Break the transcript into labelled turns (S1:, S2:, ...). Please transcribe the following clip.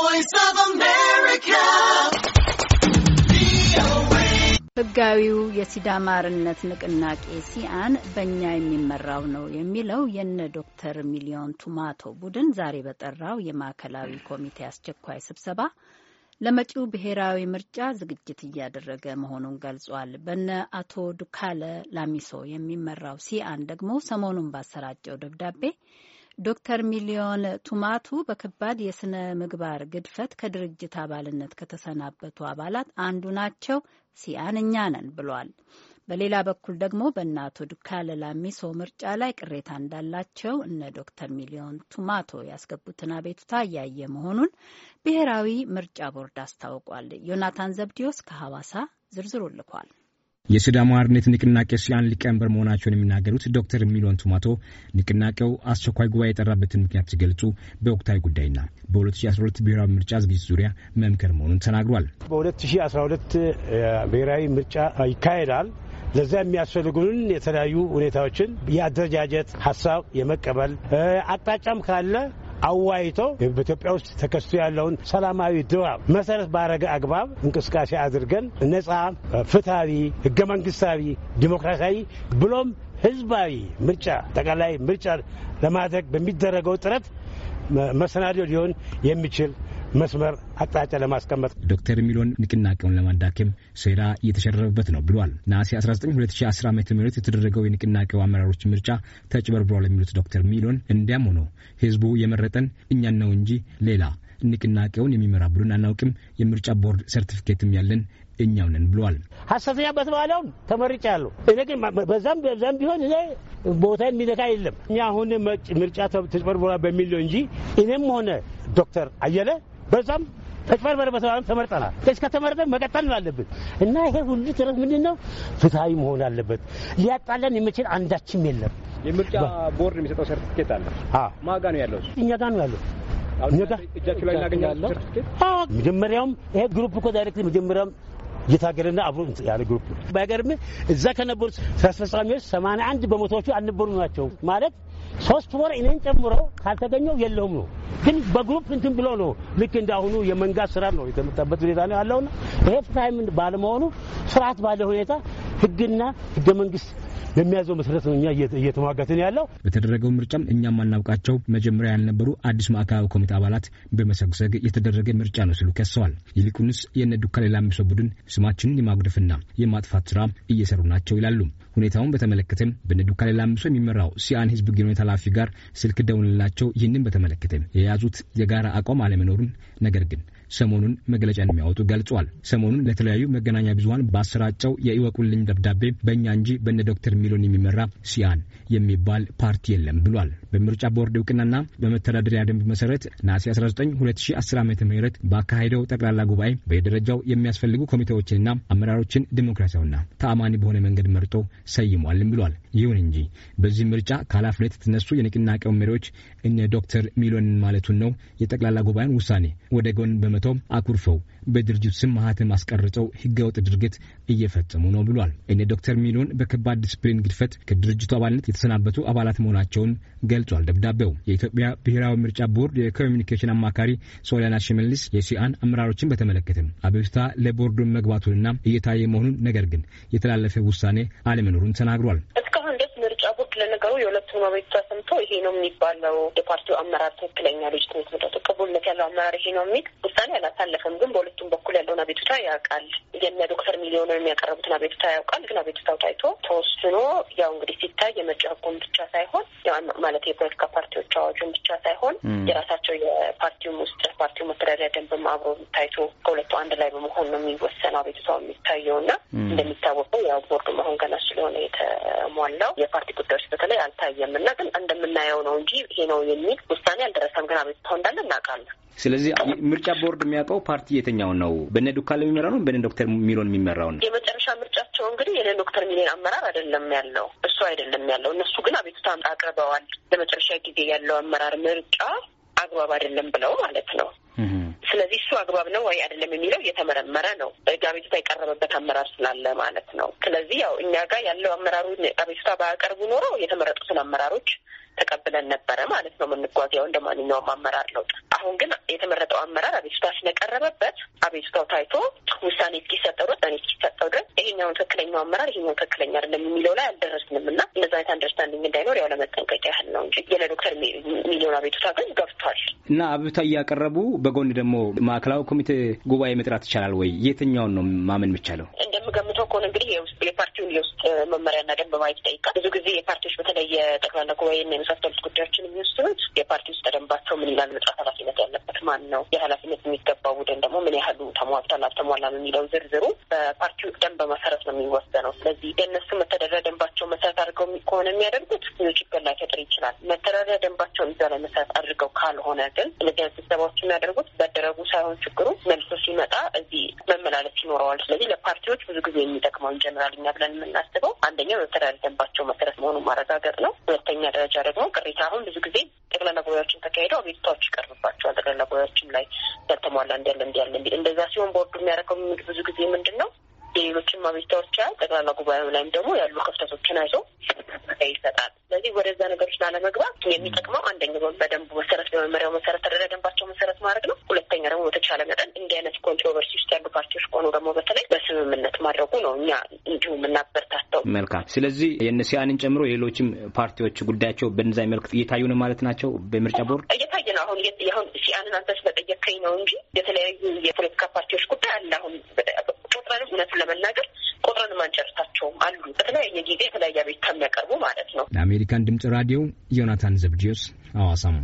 S1: voice of America. ህጋዊው የሲዳማ ንቅናቄ ሲአን በእኛ የሚመራው ነው የሚለው የነ ዶክተር ሚሊዮን ቱማቶ ቡድን ዛሬ በጠራው የማዕከላዊ ኮሚቴ አስቸኳይ ስብሰባ ለመጪው ብሔራዊ ምርጫ ዝግጅት እያደረገ መሆኑን ገልጿል። በነ አቶ ዱካለ ላሚሶ የሚመራው ሲአን ደግሞ ሰሞኑን ባሰራጨው ደብዳቤ ዶክተር ሚሊዮን ቱማቱ በከባድ የስነ ምግባር ግድፈት ከድርጅት አባልነት ከተሰናበቱ አባላት አንዱ ናቸው። ሲያን እኛ ነን ብሏል። በሌላ በኩል ደግሞ በእነ አቶ ዱካለ ላሚሶ ምርጫ ላይ ቅሬታ እንዳላቸው እነ ዶክተር ሚሊዮን ቱማቶ ያስገቡትን አቤቱታ እያየ መሆኑን ብሔራዊ ምርጫ ቦርድ አስታውቋል። ዮናታን ዘብዲዮስ ከሐዋሳ ዝርዝሩ ልኳል።
S2: የሲዳማ አርነት ንቅናቄ ሲያን ሊቀመንበር መሆናቸውን የሚናገሩት ዶክተር ሚሊዮን ቱማቶ ንቅናቄው አስቸኳይ ጉባኤ የጠራበትን ምክንያት ሲገልጹ በወቅታዊ ጉዳይና በ2012 ብሔራዊ ምርጫ ዝግጅት ዙሪያ መምከር መሆኑን ተናግሯል።
S3: በ2012 ብሔራዊ ምርጫ ይካሄዳል። ለዛ የሚያስፈልጉን የተለያዩ ሁኔታዎችን የአደረጃጀት ሀሳብ የመቀበል አቅጣጫም ካለ አዋይቶ በኢትዮጵያ ውስጥ ተከስቶ ያለውን ሰላማዊ ድባብ መሰረት ባረገ አግባብ እንቅስቃሴ አድርገን ነጻ፣ ፍትሐዊ፣ ህገ መንግስታዊ፣ ዲሞክራሲያዊ ብሎም ህዝባዊ ምርጫ ጠቃላይ ምርጫ ለማድረግ በሚደረገው ጥረት መሰናዶ ሊሆን የሚችል
S2: መስመር አቅጣጫ ለማስቀመጥ ዶክተር ሚሎን ንቅናቄውን ለማዳከም ሴራ እየተሸረበበት ነው ብሏል። ነሐሴ 19 2010 ዓ ም የተደረገው የንቅናቄው አመራሮች ምርጫ ተጭበርብሯል የሚሉት ዶክተር ሚሎን እንዲያም ሆኖ ህዝቡ የመረጠን እኛን ነው እንጂ ሌላ ንቅናቄውን የሚመራ ቡድን አናውቅም፣ የምርጫ ቦርድ ሰርቲፊኬትም ያለን እኛው ነን ብለዋል።
S3: ሀሰተኛ በተባለውን ተመርጫለሁ። እኔ ግን በዛም በዛም ቢሆን እኔ ቦታ የሚነካ የለም። እኛ አሁን ምርጫ ተጭበርብሯል በሚል ነው እንጂ እኔም ሆነ ዶክተር አየለ በዛም ተጭበርበር በተባለ ተመርጠናል። እስከ ተመርጠን መቀጠል አለብን እና ይሄ ሁሉ ጥረት ምንድን ነው? ፍትሐዊ መሆን አለበት። ሊያጣለን የሚችል አንዳችም የለም።
S2: የምርጫ ቦርድ የሚሰጠው ሰርቲፊኬት አለ። ማጋ ነው ያለው? እኛ ጋር ነው ያለው። እጃችሁ ላይ
S3: እናገኛለን ሰርቲፊኬት። መጀመሪያውም ይሄ ግሩፕ እኮ ዳይሬክት መጀመሪያውም እየታገለና አብሮ ያለ ግሩፕ ነው። ባይገርምህ እዛ ከነበሩ ስራ አስፈጻሚዎች 81 በመቶዎቹ አልነበሩ ናቸው ማለት ሶስት ወር እኔን ጨምሮ ካልተገኘው የለውም ነው። ግን በግሩፕ እንትን ብሎ ነው። ልክ እንዳሁኑ የመንጋት ስራ ነው የተመጣበት ሁኔታ ነው ያለውና ይሄ ፍትሀ ባለመሆኑ ስርዓት ባለ ሁኔታ ህግና ህገ መንግስት በሚያዘው መሰረት ነው እኛ እየተሟጋትን ያለው።
S2: በተደረገው ምርጫም እኛ ማናውቃቸው መጀመሪያ ያልነበሩ አዲስ ማዕከላዊ ኮሚቴ አባላት በመሰግሰግ የተደረገ ምርጫ ነው ሲሉ ከሰዋል። ይልቁንስ የነ ዱካ ሌላ የሚሰ ቡድን ስማችንን የማጉደፍና የማጥፋት ስራ እየሰሩ ናቸው ይላሉ። ሁኔታውን በተመለከተም በነዱካ ሌላ ምሶ የሚመራው ሲአን ህዝብ ግንኙነት ኃላፊ ጋር ስልክ ደውንላቸው ይህንን በተመለከተ የያዙት የጋራ አቋም አለመኖሩን ነገር ግን ሰሞኑን መግለጫ እንደሚያወጡ ገልጿል። ሰሞኑን ለተለያዩ መገናኛ ብዙሀን ባሰራጨው የእወቁልኝ ደብዳቤ በእኛ እንጂ በነ ዶክተር ሚሎን የሚመራ ሲያን የሚባል ፓርቲ የለም ብሏል። በምርጫ ቦርድ እውቅናና በመተዳደሪያ ደንብ መሰረት ነሐሴ 19 2010 ዓ ም በአካሄደው ጠቅላላ ጉባኤ በየደረጃው የሚያስፈልጉ ኮሚቴዎችንና አመራሮችን ዲሞክራሲያዊና ተአማኒ በሆነ መንገድ መርጦ ሰይሟልም ብሏል። ይሁን እንጂ በዚህ ምርጫ ከኃላፊነት የተነሱ የንቅናቄው መሪዎች እነ ዶክተር ሚሎን ማለቱን ነው የጠቅላላ ጉባኤን ውሳኔ ወደ ጎን በመተው አኩርፈው በድርጅቱ ስም ማህተም አስቀርጸው ህገወጥ ድርጊት እየፈጸሙ ነው ብሏል። እነ ዶክተር ሚሎን በከባድ ዲስፕሊን ግድፈት ከድርጅቱ አባልነት የተሰናበቱ አባላት መሆናቸውን ገልጿል። ደብዳቤው የኢትዮጵያ ብሔራዊ ምርጫ ቦርድ የኮሚኒኬሽን አማካሪ ሶሊያና ሽመልስ የሲአን አመራሮችን በተመለከተም አቤቱታ ለቦርዱ መግባቱንና እየታየ መሆኑን ነገር ግን የተላለፈ ውሳኔ አለመኖሩን ተናግሯል።
S4: ሲናገሩ የሁለቱን አቤቱታ ሰምቶ ይሄ ነው የሚባለው የፓርቲው አመራር ትክክለኛ ትምህርት መጣቱ ቅቡልነት ያለው አመራር ይሄ ነው የሚል ውሳኔ አላሳለፈም። ግን በሁለቱም በኩል ያለውን አቤቱታ ያውቃል። የነ ዶክተር ሚሊዮን የሚያቀረቡትን አቤቱታ ያውቃል። ግን አቤቱታው ታይቶ ተወስኖ ያው እንግዲህ ሲታይ የምርጫ
S1: ህጉን ብቻ ሳይሆን ማለት የፖለቲካ ፓርቲዎች አዋጁን ብቻ ሳይሆን የራሳቸው የፓርቲውም
S4: ውስጥ ፓርቲው መተዳደሪያ ደንብም አብሮ ታይቶ ከሁለቱ አንድ ላይ በመሆን ነው የሚወሰነው አቤቱታው የሚታየው እና እንደሚታወቀው ያው ቦርዱ አሁን ገና ስለሆነ የተሟላው የፓርቲ ጉዳዮች በተለይ አልታየም እና ግን እንደምናየው ነው እንጂ ይሄ ነው የሚል ውሳኔ አልደረሰም። ግን አቤቱታው እንዳለ እናውቃለን።
S2: ስለዚህ ምርጫ ቦርድ የሚያውቀው ፓርቲ የተኛው ነው? በነ ዱካል የሚመራ ነው? በነ ዶክተር ሚሎን የሚመራው ነው?
S4: የመጨረሻ ምርጫቸው እንግዲህ የነ ዶክተር ሚሎን አመራር አይደለም ያለው እሱ አይደለም ያለው። እነሱ ግን አቤቱታ አቅርበዋል። ለመጨረሻ ጊዜ ያለው አመራር ምርጫ አግባብ አይደለም ብለው ማለት ነው ስለዚህ እሱ አግባብ ነው ወይ አይደለም የሚለው እየተመረመረ ነው። በህግ አቤቱታ የቀረበበት አመራር ስላለ ማለት ነው። ስለዚህ ያው እኛ ጋር ያለው አመራሩ አቤቱታ ባያቀርቡ ኖሮ የተመረጡትን አመራሮች ተቀብለን ነበረ ማለት ነው የምንጓዝ ያው እንደ ማንኛውም አመራር ለውጥ። አሁን ግን የተመረጠው አመራር አቤቱታ ስለቀረበበት አቤቱታው ታይቶ ውሳኔ ይሄኛውን ትክክለኛው አመራር ይሄኛው ትክክለኛ አይደለም የሚለው ላይ አልደረስንም እና እንደዛ አይነት አንደርስታንዲንግ እንዳይኖር ያው ለመጠንቀቅ ያህል ነው እንጂ የለ ዶክተር ሚሊዮን አቤቱታ ግን ገብቷል
S2: እና አቤቱታ እያቀረቡ በጎን ደግሞ ማዕከላዊ ኮሚቴ ጉባኤ መጥራት ይቻላል ወይ? የትኛውን ነው ማመን የሚቻለው?
S4: እንደምገምተው ከሆነ እንግዲህ የውስጥ የፓርቲውን የውስጥ መመሪያና ደንብ ማየት ይጠይቃል። ብዙ ጊዜ የፓርቲዎች በተለይ የጠቅላላ ጉባኤና የመሳሰሉት ጉዳዮችን የሚወስኑት የፓርቲ ውስጥ ደንባቸው ምን ይላል መጥራት ኃላፊነት ያለ ማለት ማን ነው፣ የኃላፊነት የሚገባው ቡድን ደግሞ ምን ያህሉ ተሟልቷል አልተሟላም የሚለው ዝርዝሩ በፓርቲው ደንብ መሰረት ነው የሚወሰነው። ስለዚህ የእነሱ መተዳደሪያ ደንባቸው መሰረት አድርገው ከሆነ የሚያደርጉት ብዙ ችግር ላይ ፈጥር ይችላል። መተዳደሪያ ደንባቸውን እዛ ላይ መሰረት አድርገው ካልሆነ ግን እንደዚህ ስብሰባዎች የሚያደርጉት በደረጉ ሳይሆን ችግሩ መልሶ ሲመጣ እዚህ መመላለስ ይኖረዋል። ስለዚህ ለፓርቲዎች ብዙ ጊዜ የሚጠቅመው ጀነራል እኛ ብለን የምናስበው አንደኛው መተዳደሪያ ደንባቸው መሰረት መሆኑን ማረጋገጥ ነው። ሁለተኛ ደረጃ ደግሞ ቅሬታ አሁን ብዙ ጊዜ ጠቅላላ ጉባኤዎችን ተካሂደው አቤቱታዎች ይቀርብባቸዋል። ጠቅላላ ጉባኤዎችም ላይ ያልተሟላ እንዲያለ እንዲያለ እንደዛ ሲሆን ቦርዱ የሚያደርገው ብዙ ጊዜ ምንድን ነው ሌሎችም አቤቱታዎች ያል ጠቅላላ ጉባኤው ላይም ደግሞ ያሉ ክፍተቶችን አይቶ ይሰጣል። ስለዚህ ወደዛ ነገሮች ላለመግባት የሚጠቅመው አንደኛ በደንቡ መሰረት በመመሪያው መሰረት ተደረ ደንባቸው መሰረት ማድረግ ነው። ሁለተኛ ደግሞ በተቻለ መጠን እንዲህ አይነት ኮንትሮቨርሲ ውስጥ ያሉ ፓርቲዎች ከሆኑ ደግሞ በተለይ በስምምነት ማድረጉ ነው እኛ እንዲሁ የምናበረታተው።
S2: መልካም። ስለዚህ የእነሲያንን ጨምሮ የሌሎችም ፓርቲዎች ጉዳያቸው በእነዚያ መልክ እየታዩ ነው ማለት ናቸው። በምርጫ ቦርድ
S4: እየታየ ነው። አሁን አሁን ሲያንን አንተስ በጠየከኝ ነው እንጂ የተለያዩ የፖለቲካ ፓርቲዎች በተለያየ ጊዜ የተለያየ ቤት ከሚያቀርቡ ማለት ነው።
S2: ለአሜሪካን ድምጽ ራዲዮ ዮናታን ዘብዲዮስ አዋሳሙ